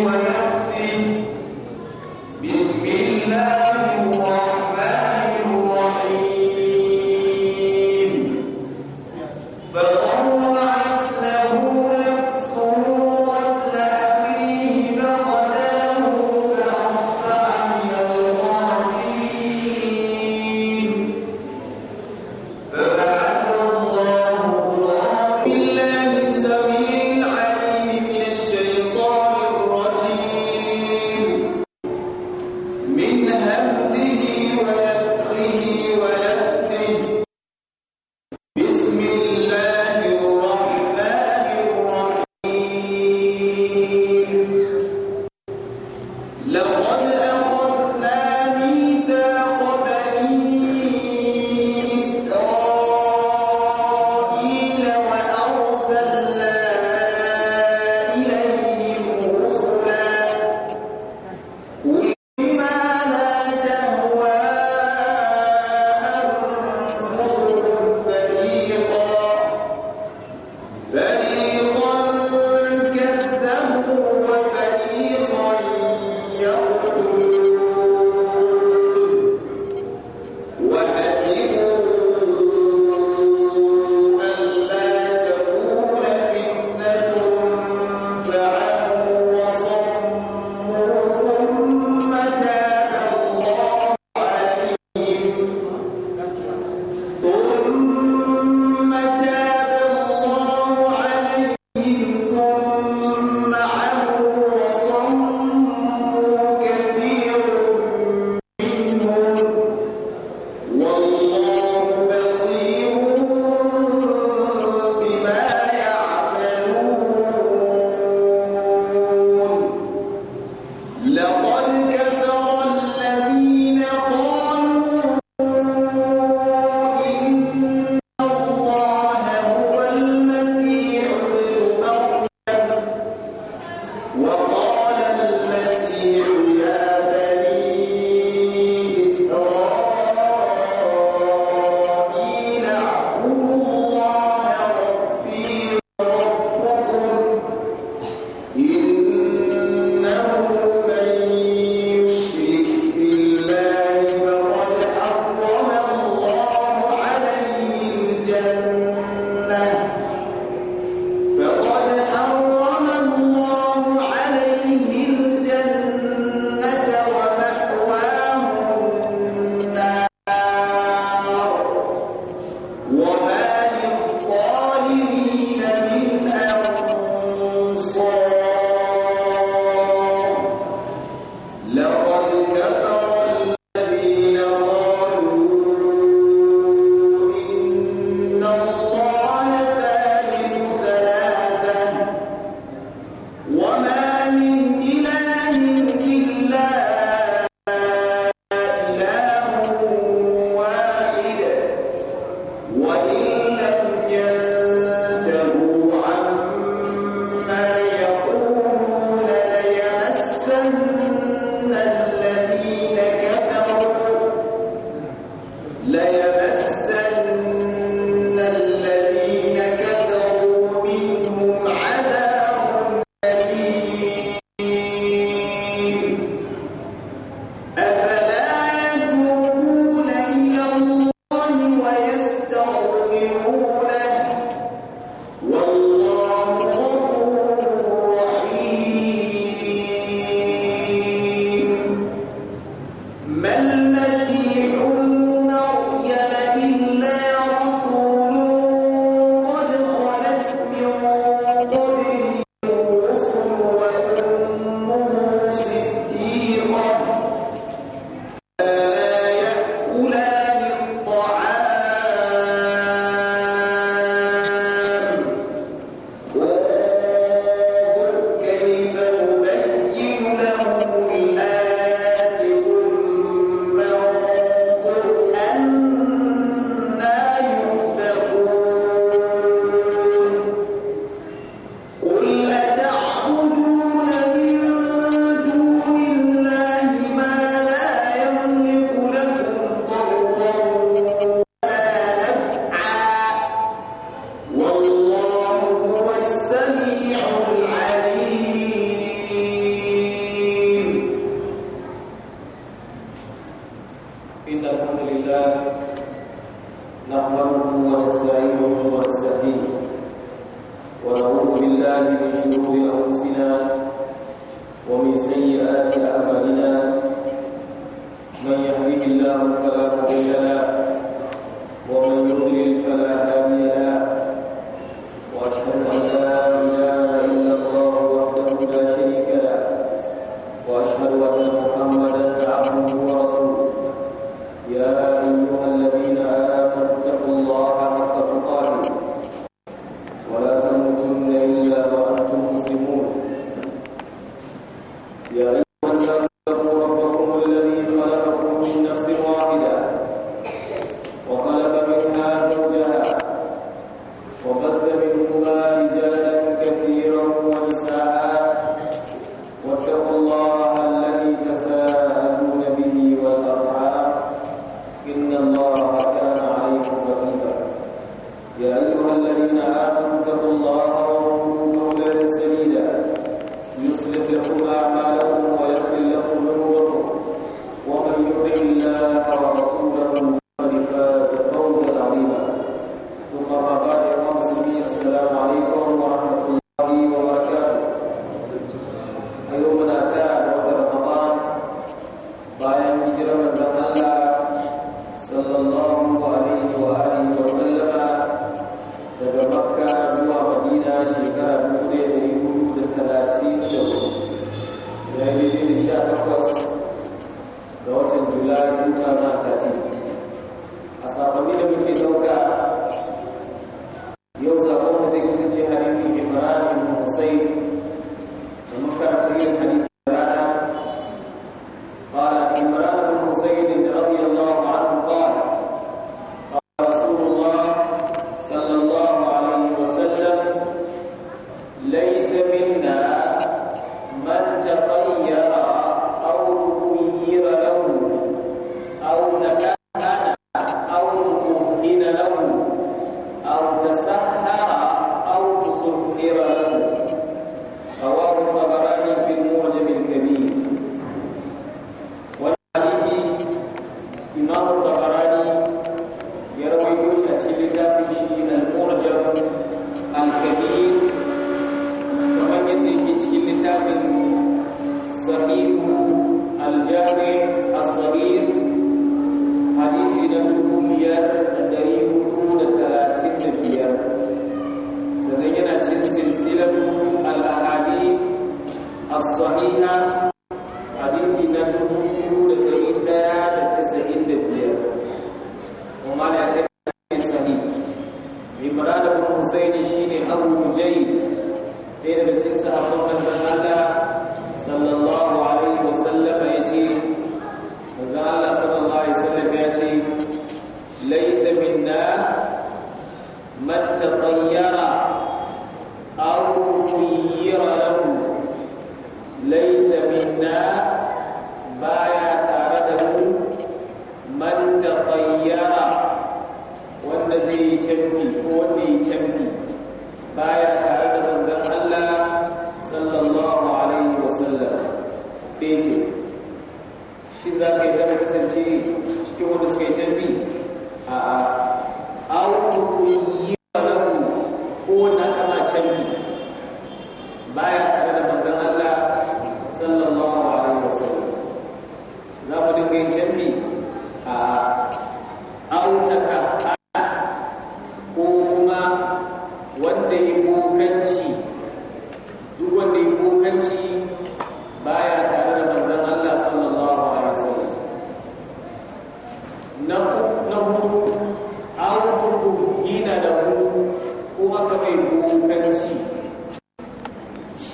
ونفسي بسم الله الرحمن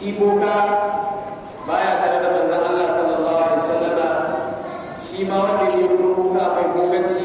shi boka baya tare da manzan Allah sallallahu alaihi wasallam shi ma wanda ne boka mai bokanci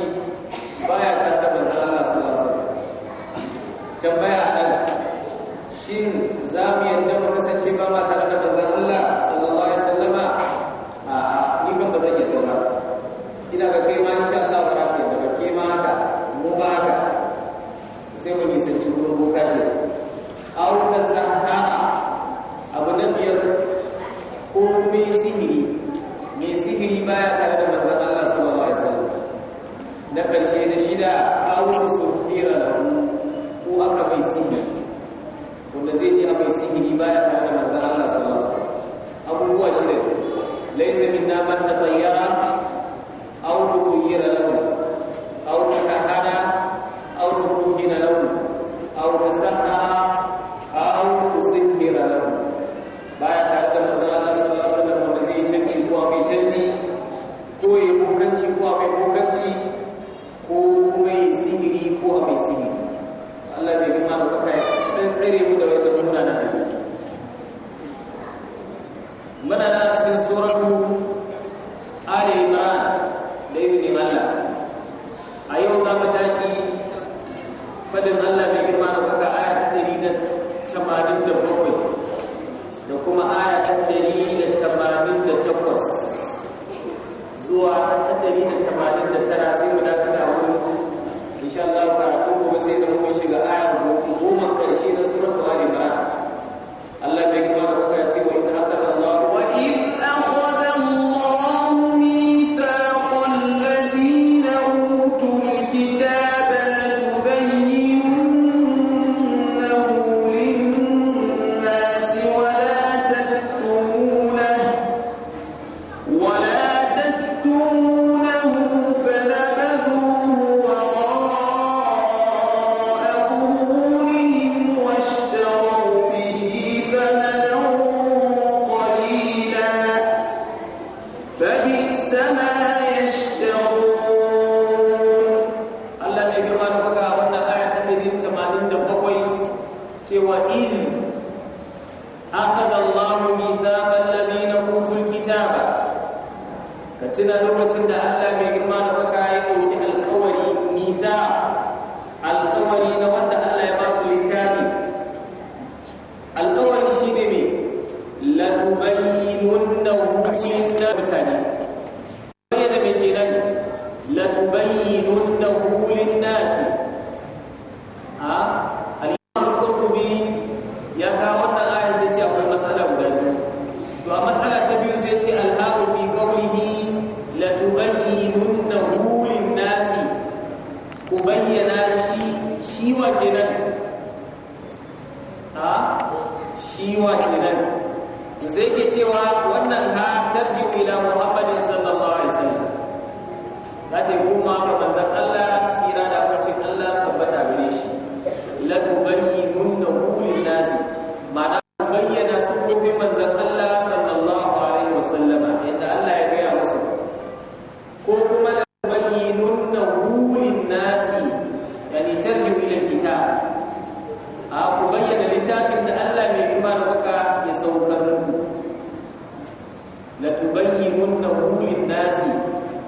latubayyinunnahu lin-nasi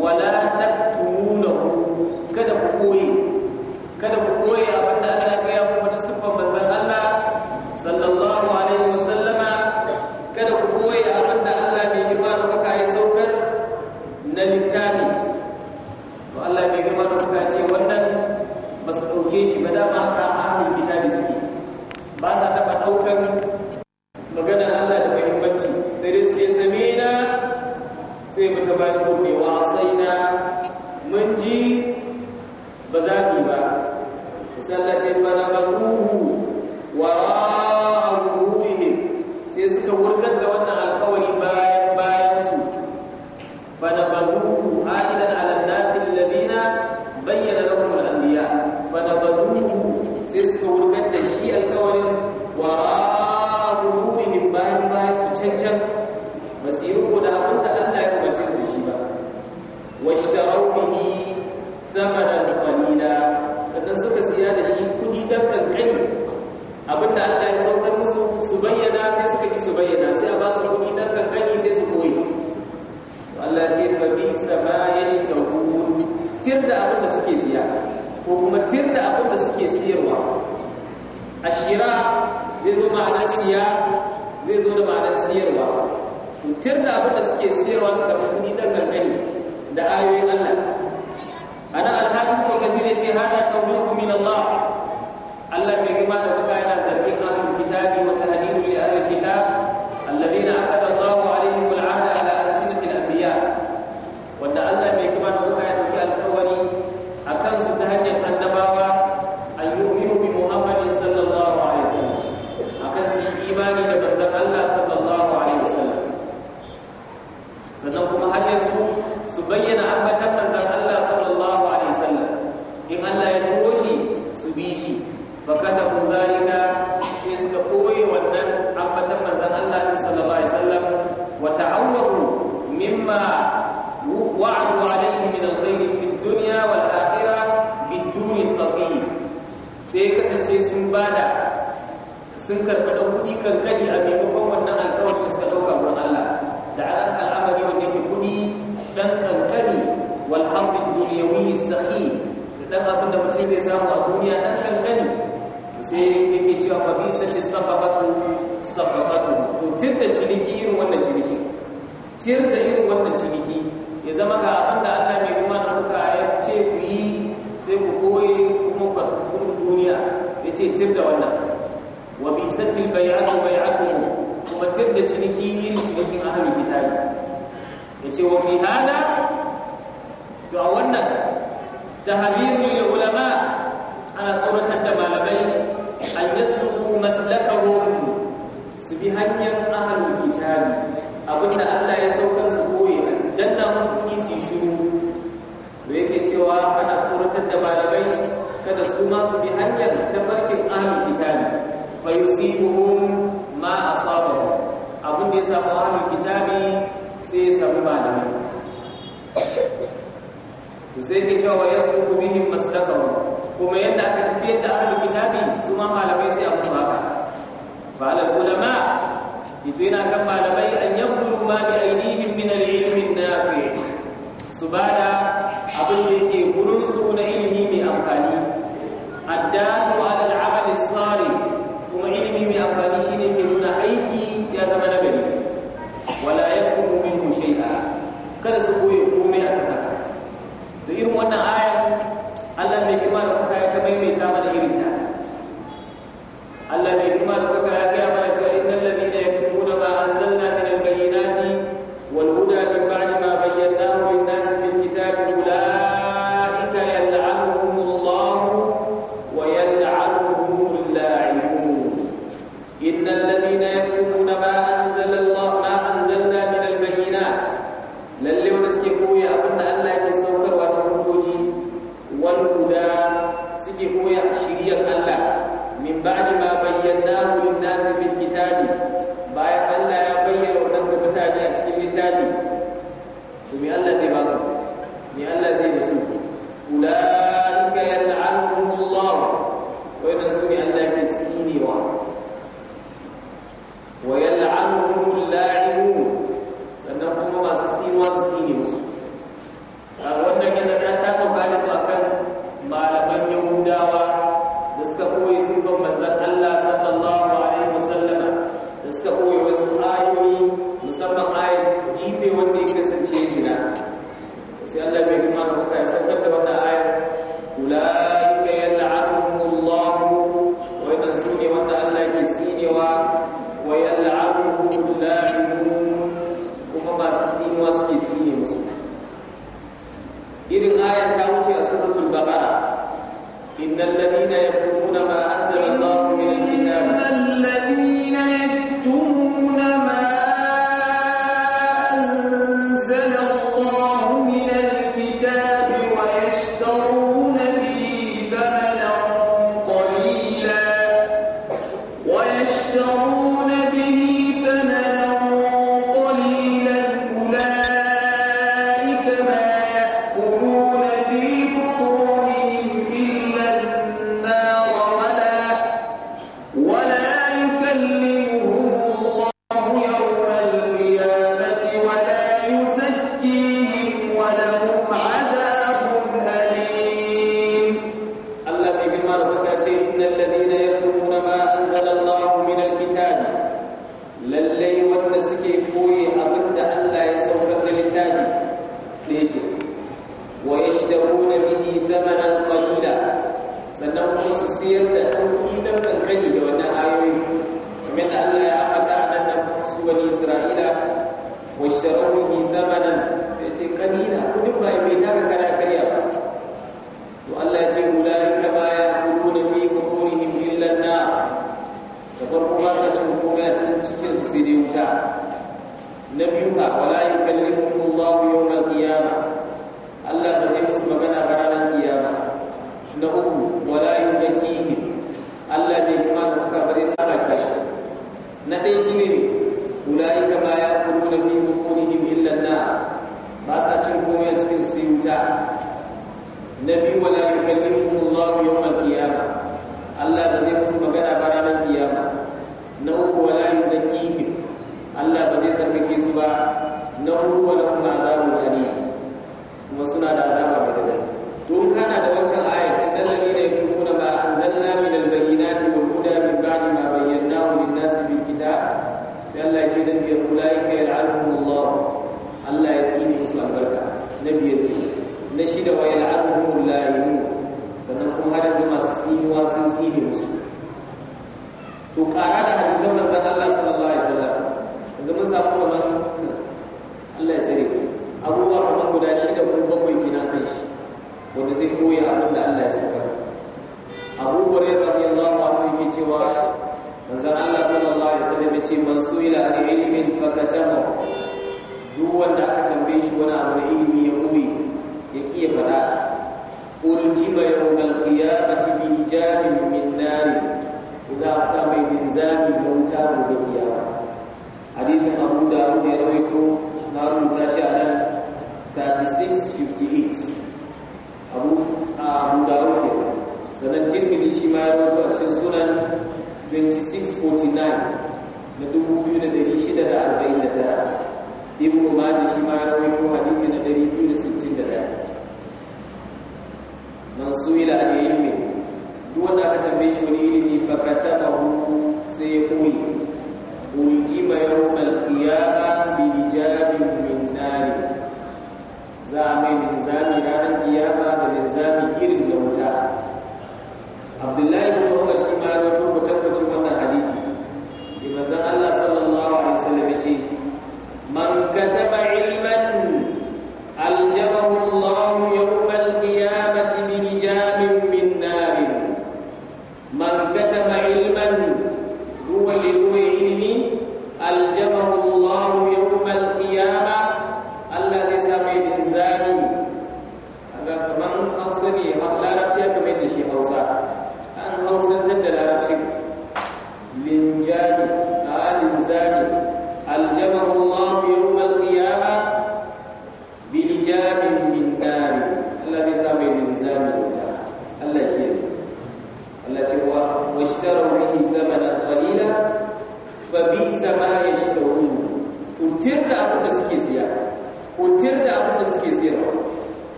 wala taktumunahu kada ku koyi kada ku koyi abinda Allah ya su ba da abin da yake gurinsu na ilimi mai amfani addalu ala al'amali salih kuma ilimi mai amfani shine ke nuna aiki ya zama na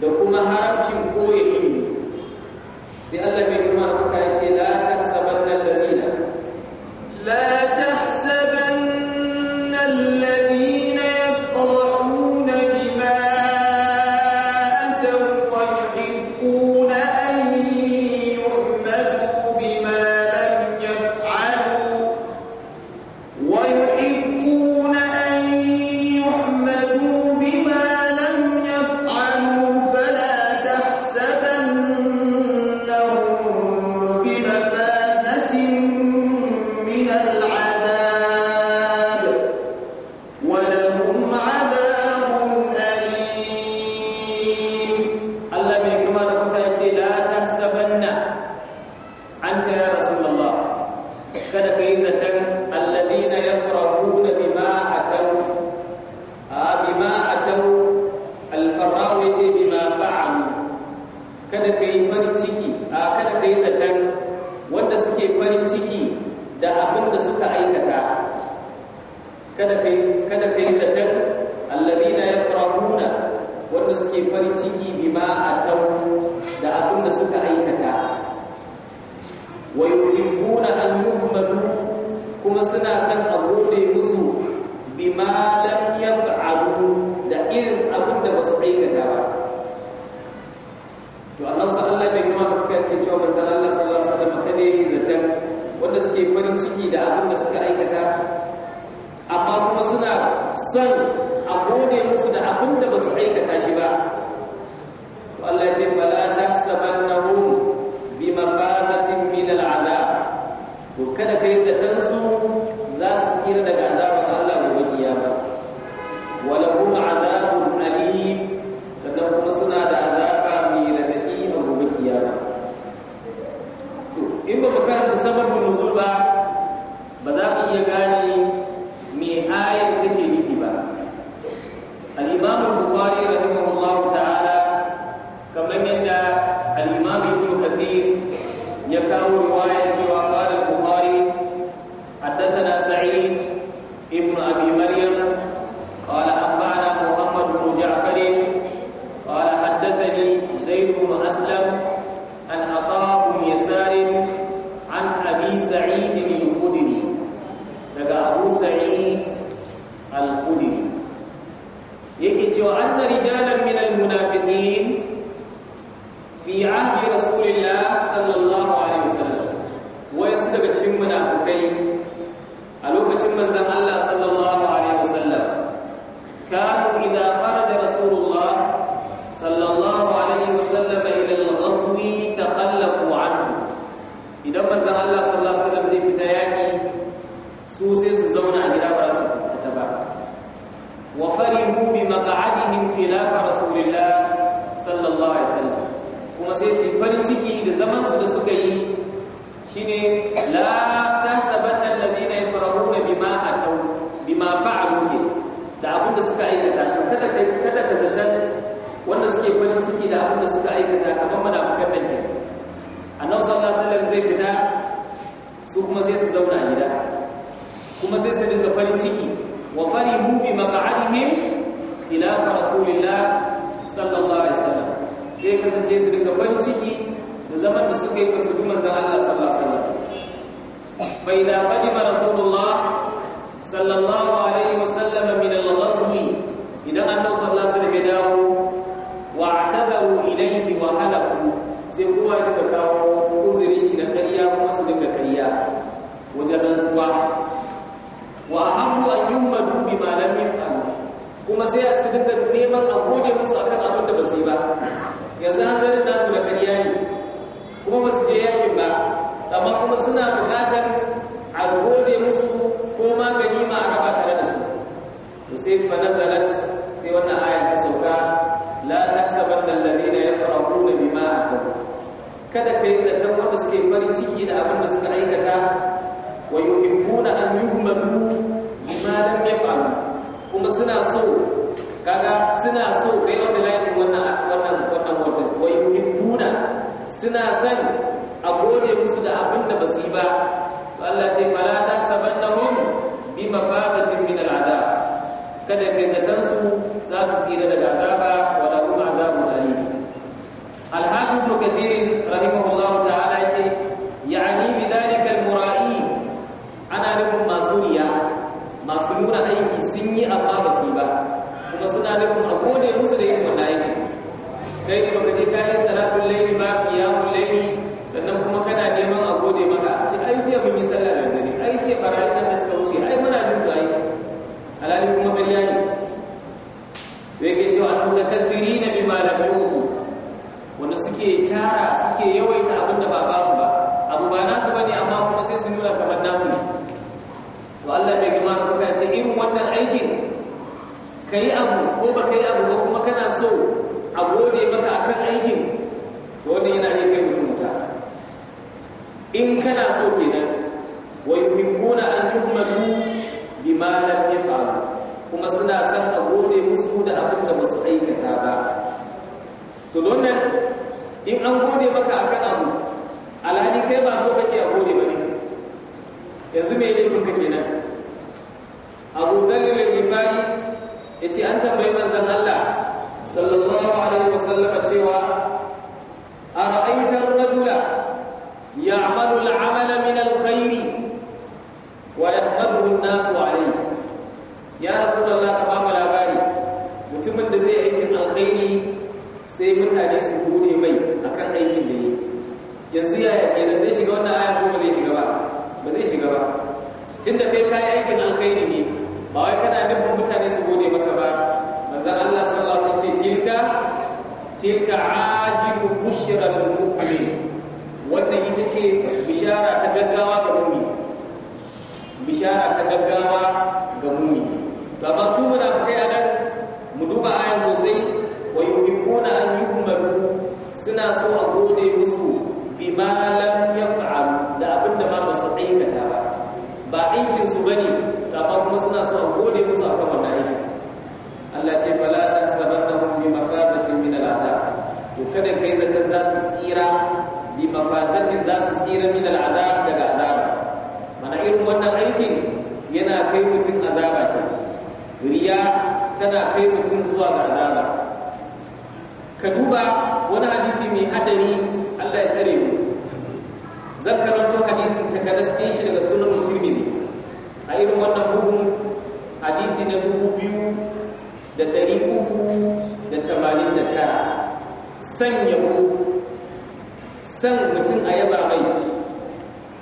da kuma haramcin koyi ilimi sai Allah bai girma da ya ce la ta فإذا قدم رسول الله صلى الله عليه وسلم من الغزو إذا أنه صلى الله عليه وسلم يداه واعتذروا إليه وحلفوا سيقوا يتكاو أذري شنكيا ومسلم كيا وجرزوا وأهم أن يمدوا بما لم يفعلوا kuma sai a su dinga neman a goge musu akan abin da ba su yi ba yanzu hanzarin nasu da kariya ne kuma ba su je yakin ba amma kuma suna فنزلت في وانا آية تسوكا لا تحسبن الذين يفرحون بما أتوا kada kai zaton wanda suke farin ciki da abin da suka aikata wa yuhibbuna an yuhmadu bima lam yaf'alu kuma suna so kaga suna so kai wanda layin wannan wannan wannan wannan wa yuhibbuna suna san a gode musu da abin da basu yi ba Allah ce fala ta sabannahum bi mafa decir ka yi abu ko ba ka yi abu ko kuma kana so a gode maka akan aikin wannan yana yi kai mutum wuta in kana so kenan wa yuhibbuna an yuhmadu bima lam yaf'alu kuma suna san a gode musu da abin da musu aikata ba to don nan in an gode maka akan abu alhali kai ba so kake a gode ba ne yanzu me laifin ka kenan abu dalilin gifari ce an tambayi manzon Allah sallallahu alaihi wasallam cewa ara'aita ar-rajula ya'malu al-'amala min al-khair wa yahmaduhu an-nasu alayhi ya rasulullah ka ba mu labari mutumin da zai aikin alkhairi sai mutane su gode mai akan aikin da yake yanzu ya kenan zai shiga wannan aya ko ba zai shiga ba ba zai shiga ba tunda kai kai aikin alkhairi ne ba wai kana nufin mutane su gode maka ba manzan Allah sallallahu alaihi wasallam ce tilka tilka ajibu bushra lil mu'min wanda ita ce bishara ta gaggawa ga mu'min bishara ta gaggawa ga mu'min to amma su muna kai anan mu duba ayan sosai wa yuhibbuna an yuhmalu suna so a gode musu bima lam yaf'al da abinda ba su aikata ba ba aikin su bane amma kuma suna so gode musu akan wannan aiki Allah ce fala tahsabannahum bi mafazatin min al'ada, to kada kai zaton za su tsira bi mafazatin za su tsira min al'ada daga azaba mana irin wannan aikin yana kai mutum azaba ke riya tana kai mutum zuwa ga azaba ka duba wani hadisi mai hadari Allah ya tsare mu zan karanto hadisin ta kada shi daga sunan musulmi a irin wannan kun hadisi na dubu biyu da ɗari uku da tamanin da tara san yabo san mutum a yaba mai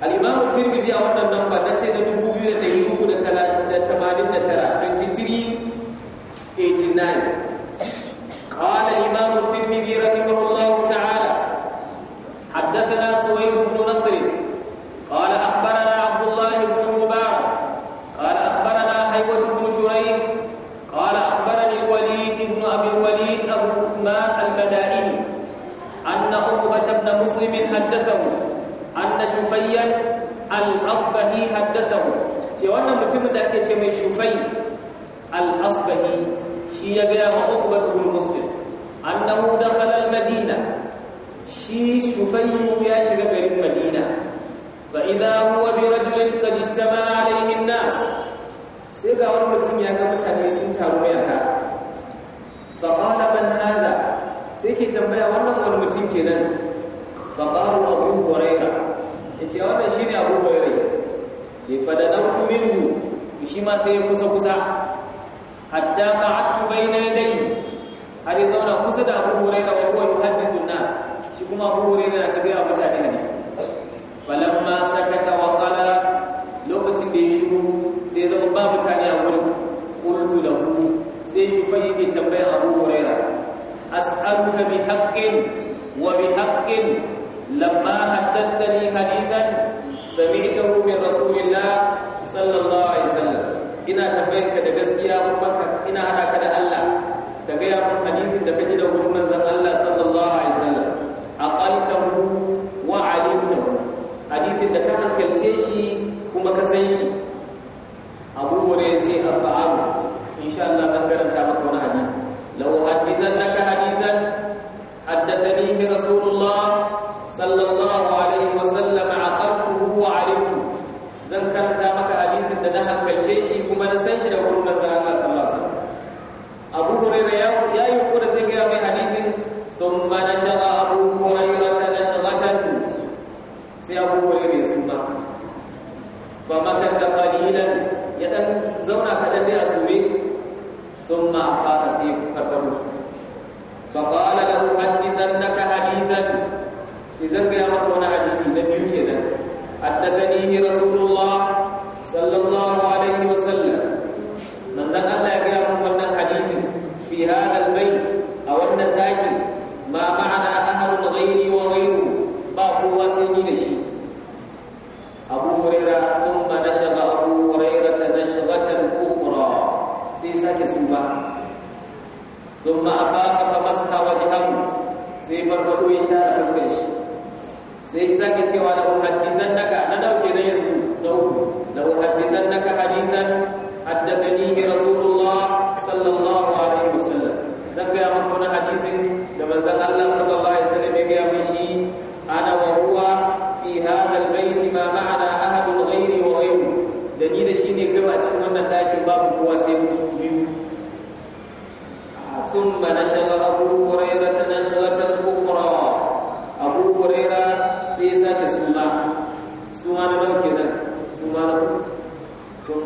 al'imamu tirmidhi a wannan namba na ce na dubu biyu da ɗari uku da tamanin da tara 2389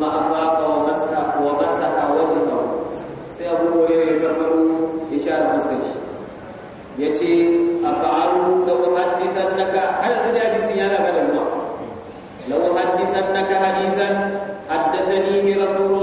thumma afaqa wa masaha wa masaha wajhahu sai Abu Hurairah ya barbaro ya share fuskar shi yace afa'alu law hadithannaka hal zai yana da zuwa law hadithannaka hadithan haddathani rasulullah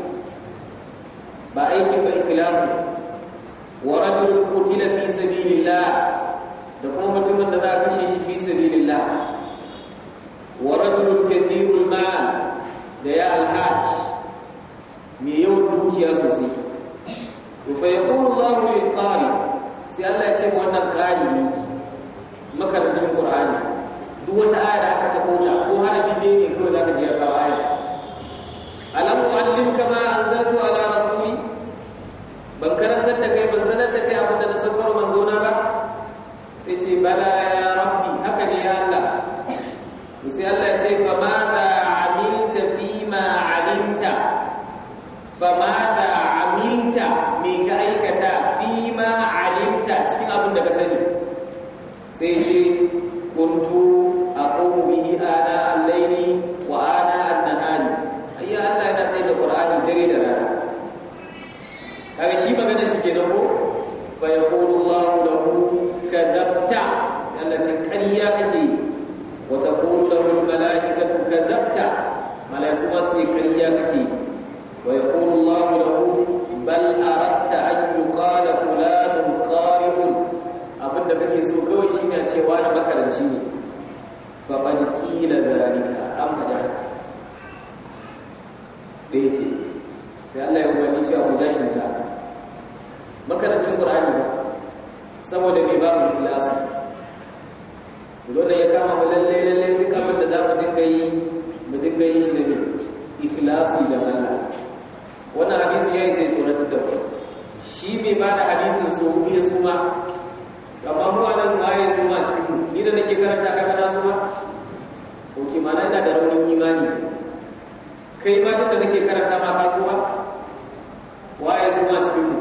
ba aikin bil khilasi wa rajulun qutila fi sabilillah da kuma mutumin da za a kashe shi fi sabilillah wa rajulun kathirul mal da ya alhaj mai yawan dukiya sosai to fa yaqulu Allahu lil qari sai Allah ya ce wannan qari makarantun Qur'ani duk wata aya da aka tabota ko harafi ne kawai zaka je ka ban karantar da kai ban sanar da kai abin da na sakar manzo ba sai ce bala ya rabbi haka ne ya Allah to sai Allah ya ce fa ma da amilta fi ma alimta fa ma da amilta me ka aikata fi ma alimta cikin abin da ka sani sai ce kuntu aqumu bihi ana allai kenan ko fa yaqulu Allahu lahu kadabta Allah ce ƙarya kake wa taqulu lahu al-mala'ikatu kadabta mala'iku ma sai ƙarya kake wa yaqulu Allahu lahu bal a aradta an yuqala fulanun qari'un abinda kake so kawai shi ne a cewa na makaranci ne fa qad qila dhalika amma da dai ke sai Allah ya umarni cewa ku jashinta babu filasa dole ya kama mu lalle lalle duk abin da za mu dinga yi mu dinga yi shi da ne ifilasi da Allah wannan hadisi yayi sai tsoratar da mu shi mai ba da hadisin tsoro ya suma amma mu anan ma ya suma cikin ni da nake karanta ka kana suma ko ki mana ina da raunin imani kai ma da nake karanta ma ka suma wa waye suma cikin mu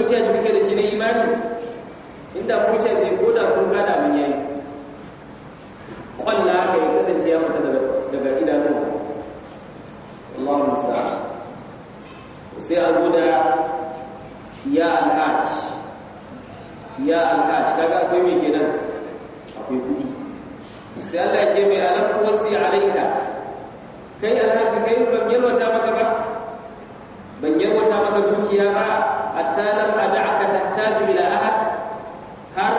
full charge muke da shi na imani inda full charge ne ko da kun kada mun yayi kwalla ka ya kasance ya mata daga idanun Allahu musa sai a zo da ya alhaj ya alhaj kaga akwai me kenan akwai kudi sai Allah ya ce mai alam wasi alaika kai alhaji kai ban yalwata maka ba ban yalwata maka dukiya ba hatta lam ad'aka tahtaju ila ahad har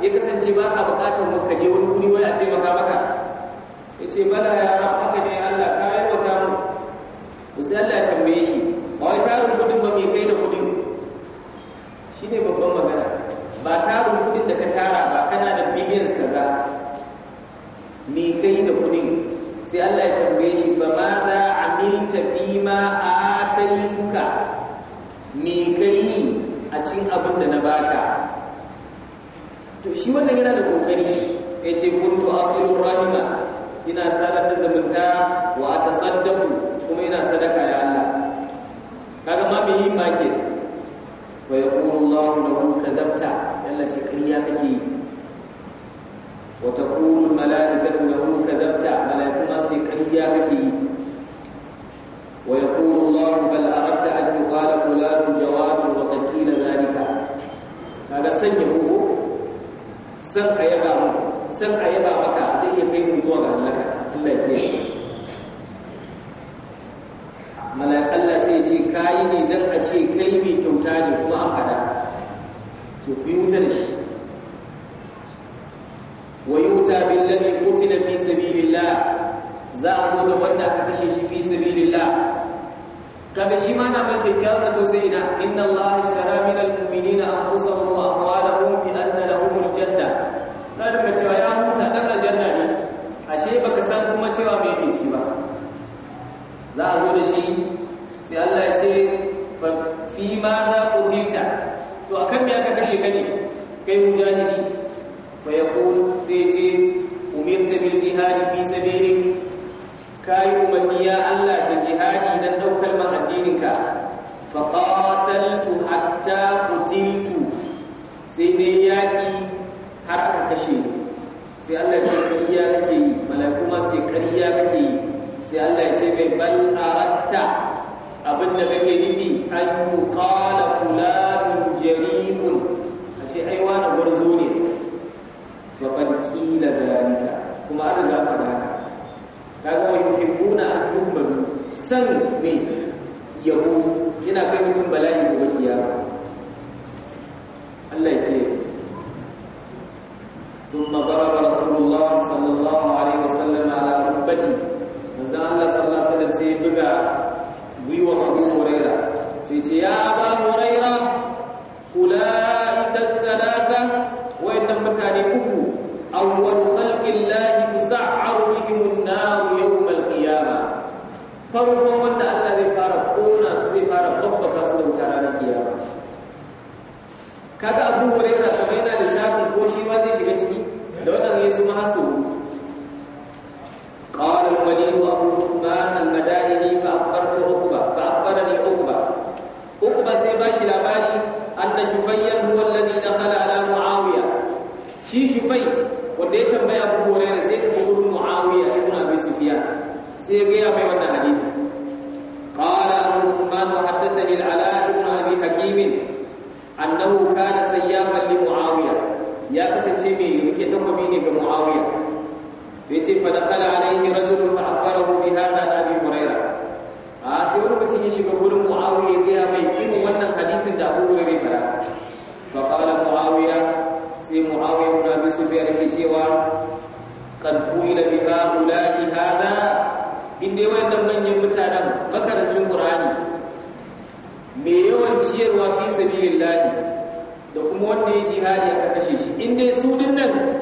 ya kasance ba ka bukatar mu kaje wani guri wani a taimaka maka yace bala ya rabu haka ne Allah ka yi wata mu sai Allah ya tambaye shi ba wai tarin kudin ba mai kai da kudin shine babban magana ba tarin kudin da ka tara ba kana da billions kaza mai kai da kudin sai Allah ya tambaye shi ba ma za amilta fi ma ataituka me ka yi a cin abin da na baka to shi wannan yana da kokari ya ce kuntu asirin rahima ina sadar da zamanta wa ta saddaku kuma ina sadaka ya Allah kaga ma me yi makin wa yaqulu Allahu lahu kadhabta yalla ce kariya kake yi wa taqulu malaikatu lahu kadhabta malaikatu ma sai kariya kake yi ويقول الله بل أردت أن يقال فلان جواد وقد قيل ذلك هذا سن يقول سن أيبا سن أيبا مكا زي يكيب زوغا لك الله يتيه ملا الله سيجي كايني نرأتي كيمي كوتاني كما أمكنا تبيوت نشي ويؤتى بالذي قتل في سبيل الله za a zo da wanda aka kashe shi fi sabi kabe shi ma na mai kyakkyawar da tausayi na inna Allah shara min al-mu'minina anfusahum wa amwalahum bi anna lahum al-janna na duka cewa ya huta dan aljanna ne ashe baka san kuma cewa me yake ciki ba za a zo da shi sai Allah ya ce fa fi ma za qutilta to akan me aka kashe ka ne kai mujahidi fa yaqul sai ce umirta bil jihad fi sabilik kai umanniya Allah da jihadi dan dau kalmar addininka fa qataltu hatta qutiltu sai ne yaki har aka kashe sai Allah ya ce kariya kake yi malaiku ma sai kariya kake yi sai Allah ya ce mai bal aratta abinda kake nufi an yuqala fulanun jari'un a ce ai wani gwarzo ne fa qad qila dalika kuma an riga ka da haka kaga wa yuhibbuna an tuhmadu san mai yabo yana kai mutum bala'i gobe kiyama Allah ya kiyaye Sun ضرب رسول الله صلى الله عليه وسلم على ركبته manzo Allah sallallahu alaihi wasallam sai buga gwiwa Abu Huraira sai ce ya ba Huraira kula ta thalatha wa innam mutane uku kaga Abu Huraira kuma yana lissafin ko shi ma zai shiga ciki da wannan su ma hasu qala al-walid wa Abu Uthman al-madaini fa akhbarta Uqba fa sai ba shi labari shi Shufayyan huwa alladhi dakhala ala Muawiya shi Shufay wanda ya tambaya yace fa dakala alaihi rajulun fa akhbarahu bi hadha an abi a sai wani mutum ya shiga gurin muawiya ya mai irin wannan hadisin da abu hurairah ya fara fa qala muawiya sai muawiya ibn su bai yake cewa qad fuila bi haula'i hadha inda wayannan manyan mutanen makarantun qur'ani mai yawan ciyarwa fi sabilillah da kuma wanda ya jihadi aka kashe shi inda su dinnan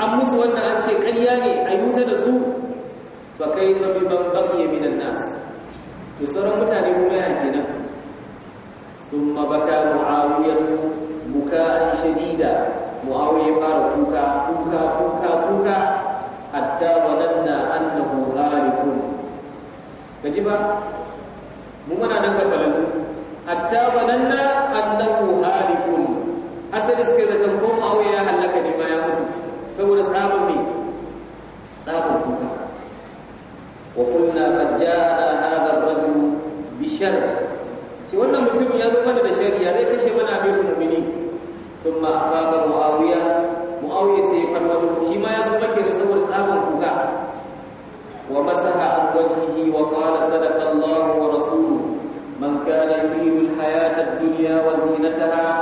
an musu wannan an ce ƙarya ne a yi wuta da su ba kai ta bi ban baqiya minan nas to sauran mutane kuma ya ke nan. sun ma baka muawiyatu bukaan shadida muawiya fara kuka kuka kuka kuka hatta na zananna annahu ka ji ba mu muna nan ga balalu hatta na na annahu ghalibun asali suke zata ko muawiya shar ce wannan mutum ya zo mana da shari'a zai kashe mana amirul mumini thumma afaqa muawiya muawiya sai farwado shi ma ya so make da saboda tsabon kuka wa masaha an wajhihi wa qala sadaqa Allah wa rasuluhu man kana yuridu al-hayata ad-dunya wa zinataha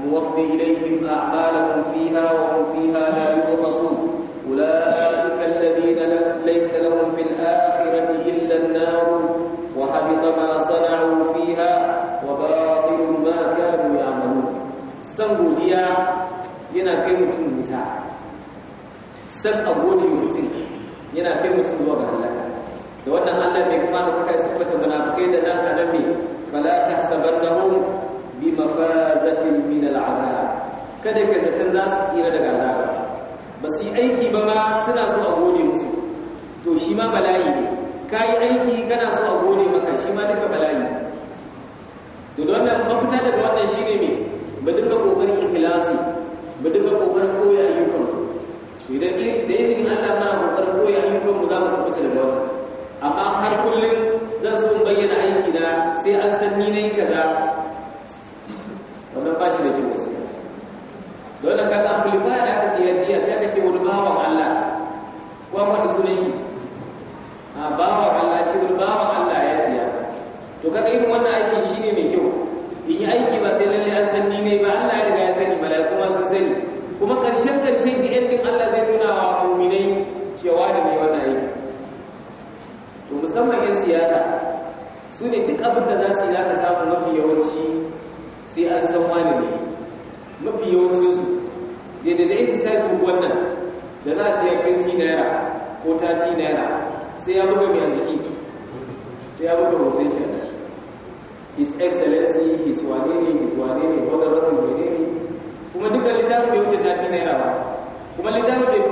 nuwaffi ilayhim a'malahum fiha wa hum fiha la yubqasun أولئك الذين ليس لهم في الآخرة إلا النار wa ما صار san godiya yana kai mutum wuta san agodi mutum yana kai mutum zuwa ga halaka da wannan Allah mai kuma da kuka siffata munafikai da nan adam ne fala tahsabannahum bi mafazatin min al'adab kada ka zaton za su tsira daga azaba ba su yi aiki ba ma suna so a gode musu to shi ma bala'i ne ka yi aiki kana so a gode maka shi ma duka bala'i to don nan mafita daga wannan shi ne mai mu dinga kokarin ikhlasi mu dinga kokarin koyi ayyukan mu idan da izinin Allah mana kokarin koya ayyukan mu za mu kubuta da amma har kullum zan so in bayyana aiki na sai an san ni nayi kaza wannan ba shi da kyau gaskiya dole ka ka amplifier da aka siya jiya sai aka ce wani bawan Allah ko amma da sunan shi a ah, bawan Allah ce wani bawan Allah ya siya to ka ga irin wannan aikin shine mai kyau in yi aiki ba sai lalle an san ni ne ba Allah ya riga ya sani mala'iku kuma sun sani kuma karshen karshe da ending Allah zai nuna wa mu'minai cewa da mai wannan aiki to musamman yan siyasa su ne duk abin da za su yi aka samu mafi yawanci sai an san wani ne mafi yawancin su da da sai book wannan da za su yi 20 naira ko 30 naira sai ya buga mai a jiki sai ya buga naira ba kuma littafin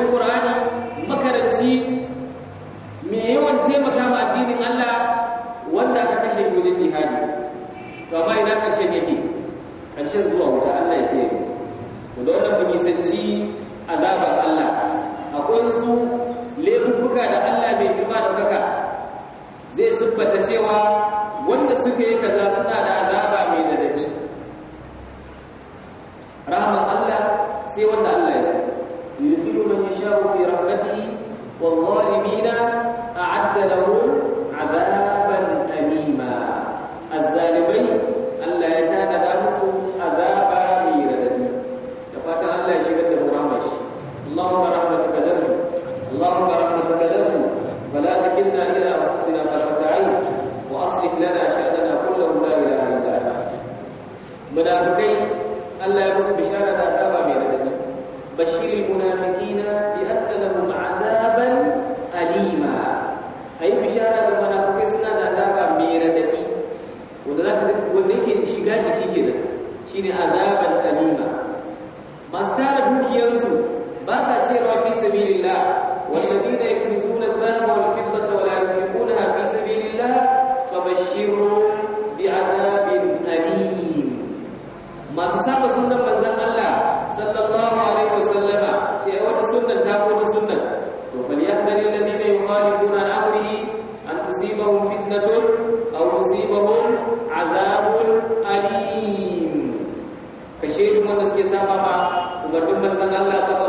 procurar la,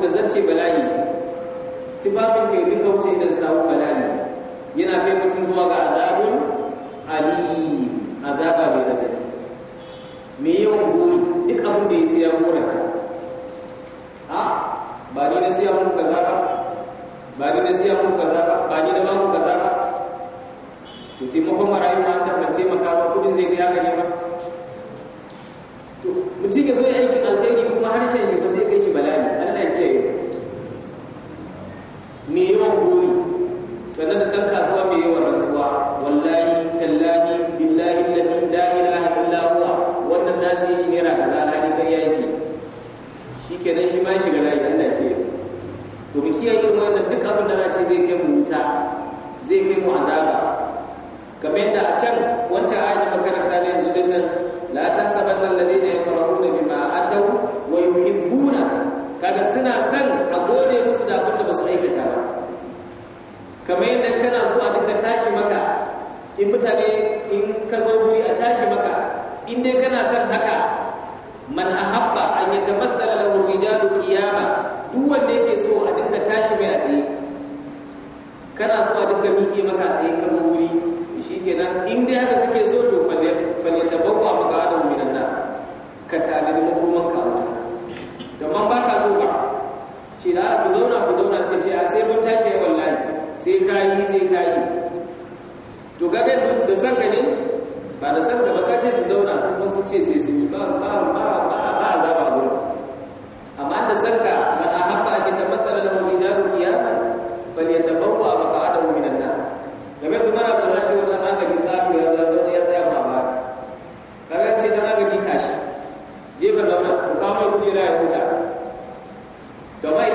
ta zarce bala'i tufafin kai duka wuce idan samu bala'i yana kai mutum zuwa ga azabun ali azaba mai radadi me yawan gori duk abin da ya siya goraka ha ba ni na siya muku kaza ba ba ni na siya muku kaza ba ba ni na ba ku kaza ba to taimakon marayu ma ta ban taimaka ba kudin zai ga ya gane ba to mutum ya zo ya aikin alkhairi kuma harshen shi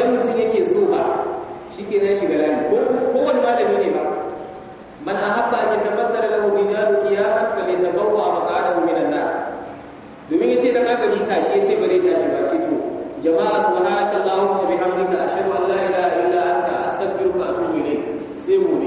wani mutum yake so ba shi ke nan shiga layi ko wani malami ne ba man ahabba an yatamassala lahu tabbawa a falyatabawwa maq'adahu minan na domin yace dan aka ji tashi yace bare tashi ba ce to jama'a subhanakallahumma wa bihamdika ashhadu an la da illa anta a a tuhu ne sai mu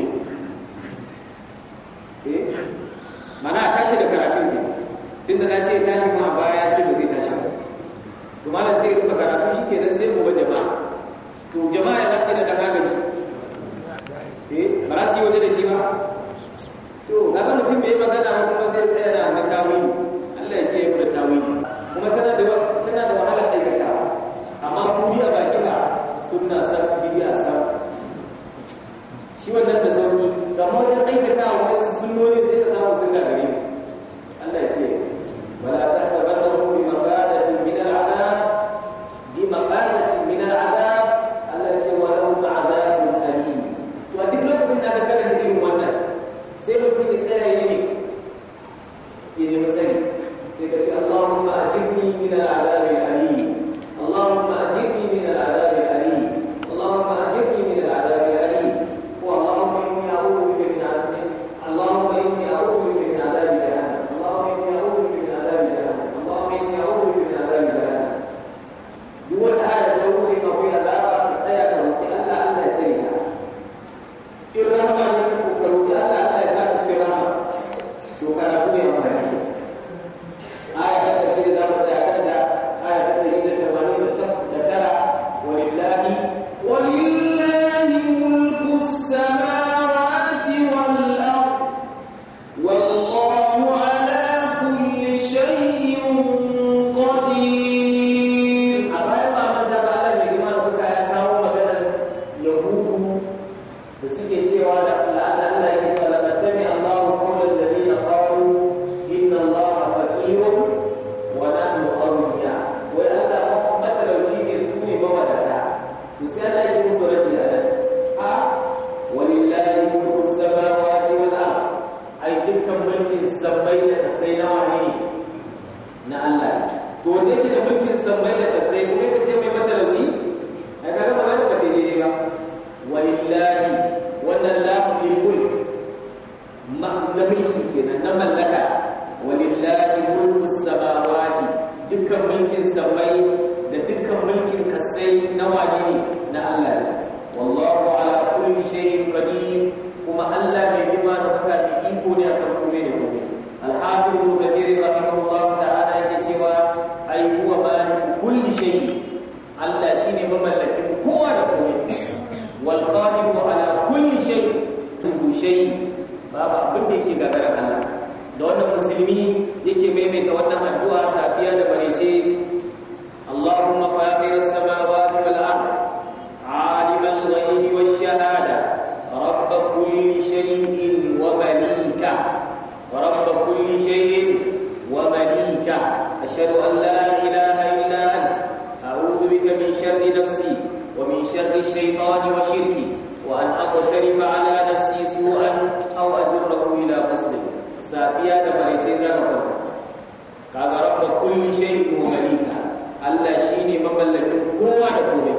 kulli shay'in wa malika Allah shine mamallakin kowa da komai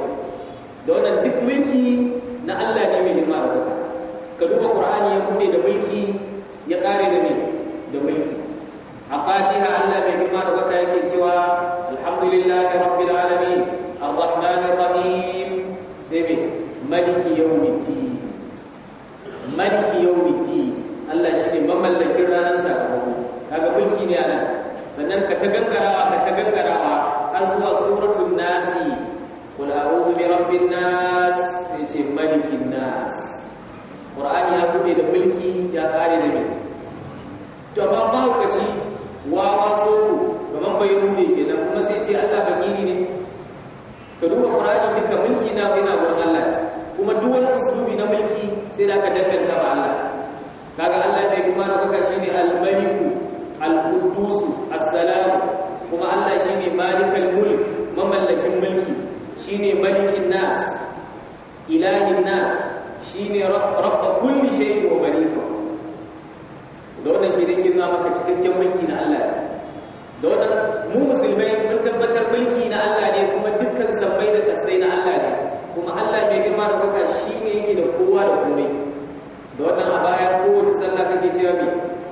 da wannan duk mulki na Allah ne mai girma da kuka ka duba Qur'ani ya bude da mulki ya kare da me da mulki a Fatiha Allah mai girma da kuka yake cewa alhamdulillahi rabbil alamin arrahmanir rahim sai me maliki yawmiddin maliki yawmiddin Allah shine mamallakin ranar sakamako kaga mulki ne Allah sannan ka ta gangarawa ka ta gangarawa har zuwa suratul nasi qul a'udhu bi rabbin nas yace malikin nas qur'ani ya bude da mulki ya kare da mai to ba ba ka ci wa ba so kaman bai rude kenan kuma sai ce Allah bakiri ne ka duba qur'ani duka mulki na yana gurin Allah kuma duk wani uslubi na mulki sai da ka danganta ma Allah kaga Allah ne kuma da baka shine al-maliku al-quddus as-salam kuma Allah shine malikal mulk mamallakin mulki shine malikin nas ilahin nas shine rabb kulli shay'in wa malika da wannan ke da girma maka cikakken mulki na Allah da wannan mu musulmai mun tabbatar mulki na Allah ne kuma dukkan sabbai da kasai na Allah ne kuma Allah mai girma da kuka shine yake da kowa da komai da wannan a baya kowace sallah kake cewa me